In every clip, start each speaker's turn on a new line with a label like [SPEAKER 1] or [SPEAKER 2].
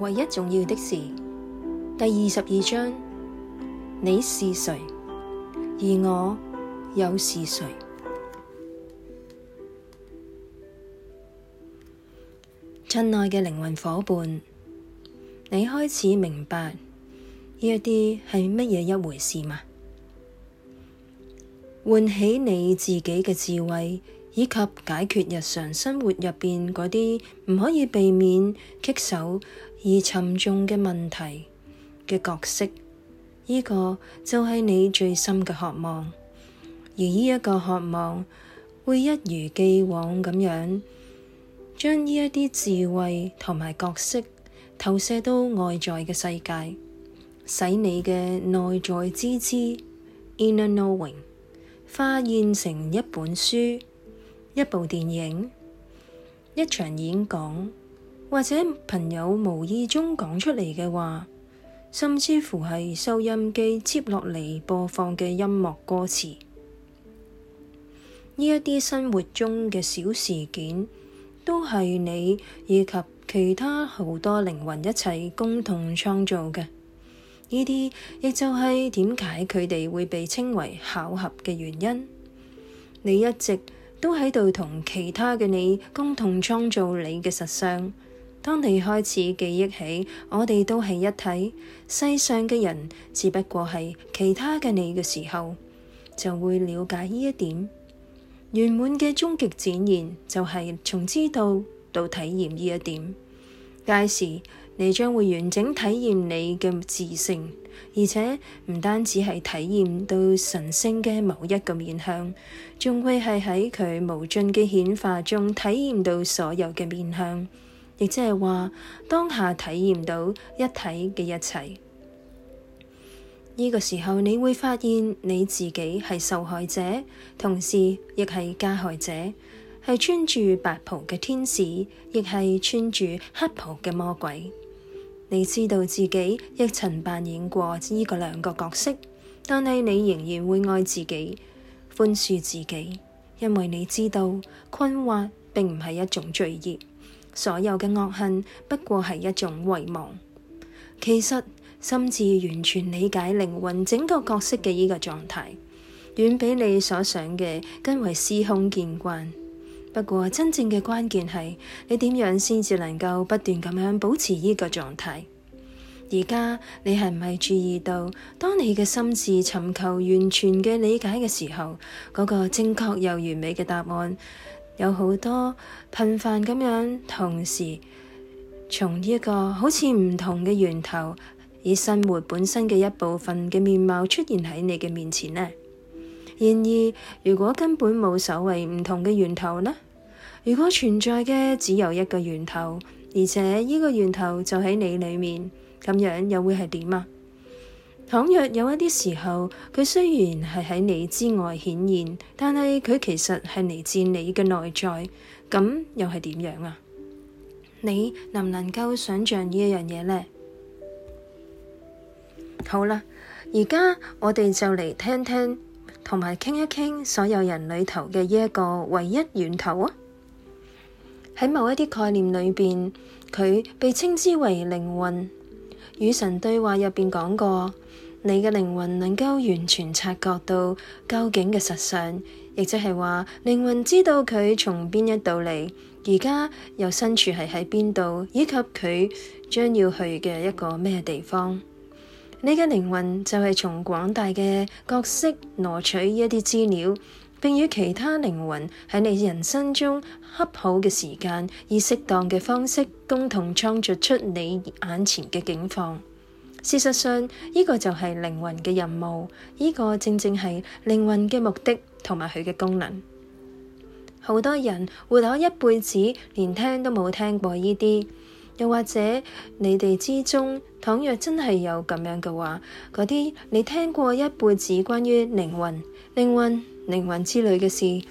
[SPEAKER 1] 唯一重要的事，第二十二章，你是誰，而我又是誰？親愛嘅靈魂伙伴，你開始明白呢一啲係乜嘢一回事嗎？喚起你自己嘅智慧，以及解決日常生活入邊嗰啲唔可以避免棘手。而沉重嘅問題嘅角色，呢個就係你最深嘅渴望。而呢一個渴望，會一如既往咁樣，將呢一啲智慧同埋角色投射到外在嘅世界，使你嘅內在之知 （in a knowing） 化現成一本書、一部電影、一場演講。或者朋友無意中講出嚟嘅話，甚至乎係收音機接落嚟播放嘅音樂歌詞，呢一啲生活中嘅小事件，都係你以及其他好多靈魂一齊共同創造嘅。呢啲亦就係點解佢哋會被稱為巧合嘅原因。你一直都喺度同其他嘅你共同創造你嘅實相。當你開始記憶起，我哋都係一體，世上嘅人只不過係其他嘅你嘅時候，就會了解呢一點。圓滿嘅終極展現就係從知道到體驗呢一點。屆時你將會完整體驗你嘅自性，而且唔單止係體驗到神聖嘅某一個面向，仲會係喺佢無盡嘅顯化中體驗到所有嘅面向。亦即係話，當下體驗到一體嘅一切，呢個時候你會發現你自己係受害者，同時亦係加害者，係穿住白袍嘅天使，亦係穿住黑袍嘅魔鬼。你知道自己亦曾扮演過呢個兩個角色，但係你仍然會愛自己，寬恕自己，因為你知道困惑並唔係一種罪孽。所有嘅惡恨不過係一種遺忘，其實心智完全理解靈魂整個角色嘅呢個狀態，遠比你所想嘅更為司空見慣。不過真正嘅關鍵係你點樣先至能夠不斷咁樣保持呢個狀態。而家你係唔係注意到，當你嘅心智尋求完全嘅理解嘅時候，嗰個正確又完美嘅答案？有好多頻繁咁樣，同時從呢個好似唔同嘅源頭，以生活本身嘅一部分嘅面貌出現喺你嘅面前呢，然而，如果根本冇所謂唔同嘅源頭呢，如果存在嘅只有一個源頭，而且呢個源頭就喺你裏面咁樣，又會係點啊？倘若有一啲時候，佢雖然係喺你之外顯現，但係佢其實係嚟自你嘅內在，咁又係點樣啊？你能唔能夠想象呢一樣嘢呢？ 好啦，而家我哋就嚟聽聽同埋傾一傾所有人裏頭嘅呢一個唯一源頭啊。喺某一啲概念裏邊，佢被稱之為靈魂，與神對話入邊講過。你嘅靈魂能夠完全察覺到究竟嘅實相，亦即係話靈魂知道佢從邊一度嚟，而家又身處係喺邊度，以及佢將要去嘅一個咩地方。你嘅靈魂就係從廣大嘅角色攞取一啲資料，並與其他靈魂喺你人生中恰好嘅時間，以適當嘅方式，共同創造出你眼前嘅景況。事實上，呢個就係靈魂嘅任務，呢個正正係靈魂嘅目的同埋佢嘅功能。好多人活咗一輩子，連聽都冇聽過呢啲。又或者你哋之中，倘若真係有咁樣嘅話，嗰啲你聽過一輩子關於靈魂、靈魂、靈魂之類嘅事，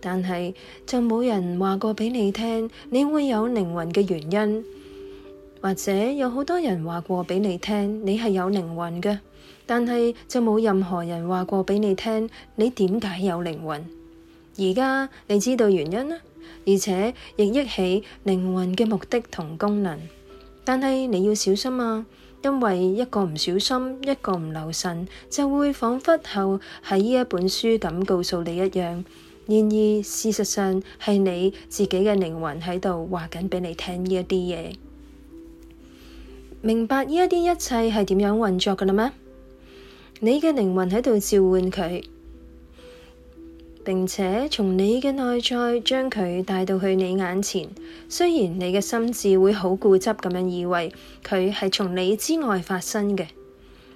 [SPEAKER 1] 但係就冇人話過畀你聽，你會有靈魂嘅原因。或者有好多人話過畀你聽，你係有靈魂嘅，但係就冇任何人話過畀你聽，你點解有靈魂？而家你知道原因啦，而且亦憶起靈魂嘅目的同功能。但係你要小心啊，因為一個唔小心，一個唔留神，就會仿佛後喺呢一本書咁，告訴你一樣，然而事實上係你自己嘅靈魂喺度話緊畀你聽呢一啲嘢。明白呢一啲一切係點樣運作嘅啦咩？你嘅靈魂喺度召喚佢，並且從你嘅內在將佢帶到去你眼前。雖然你嘅心智會好固執咁樣以為佢係從你之外發生嘅，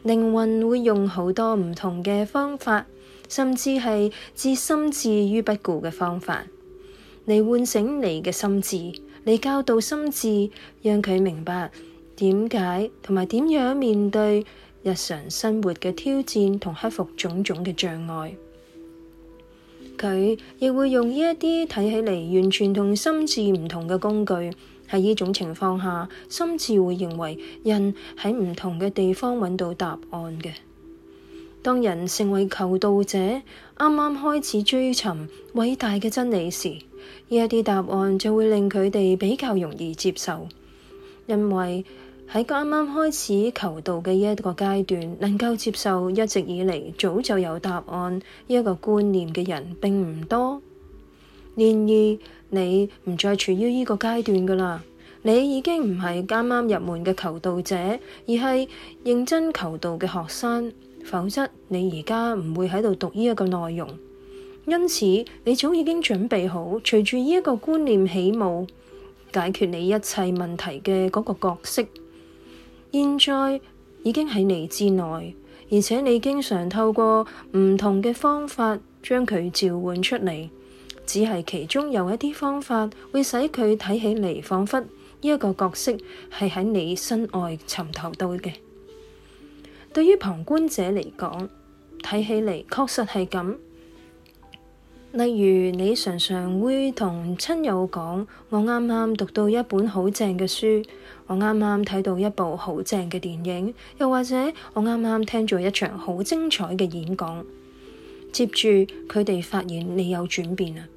[SPEAKER 1] 靈魂會用好多唔同嘅方法，甚至係置心智於不顧嘅方法，嚟喚醒你嘅心智，你教導心智，讓佢明白。點解同埋點樣面對日常生活嘅挑戰同克服種種嘅障礙？佢亦會用呢一啲睇起嚟完全同心智唔同嘅工具，喺呢種情況下，心智會認為人喺唔同嘅地方揾到答案嘅。當人成為求道者，啱啱開始追尋偉大嘅真理時，呢一啲答案就會令佢哋比較容易接受。因為喺啱啱開始求道嘅呢一個階段，能夠接受一直以嚟早就有答案呢一個觀念嘅人並唔多。然而，你唔再處於呢個階段噶啦，你已經唔係啱啱入門嘅求道者，而係認真求道嘅學生。否則，你而家唔會喺度讀呢一個內容。因此，你早已經準備好隨住呢一個觀念起舞。解決你一切問題嘅嗰個角色，現在已經喺你之內，而且你經常透過唔同嘅方法將佢召喚出嚟。只係其中有一啲方法會使佢睇起嚟，仿彿呢一個角色係喺你身外尋求到嘅。對於旁觀者嚟講，睇起嚟確實係咁。例如，你常常會同親友講，我啱啱讀到一本好正嘅書，我啱啱睇到一部好正嘅電影，又或者我啱啱聽咗一場好精彩嘅演講。接住佢哋發現你有轉變呀，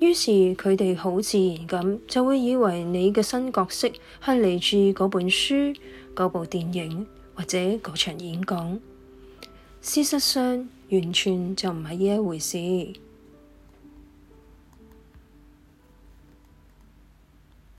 [SPEAKER 1] 於是佢哋好自然咁就會以為你嘅新角色係嚟自嗰本書、嗰部電影或者嗰場演講。事實上，完全就唔係呢一回事。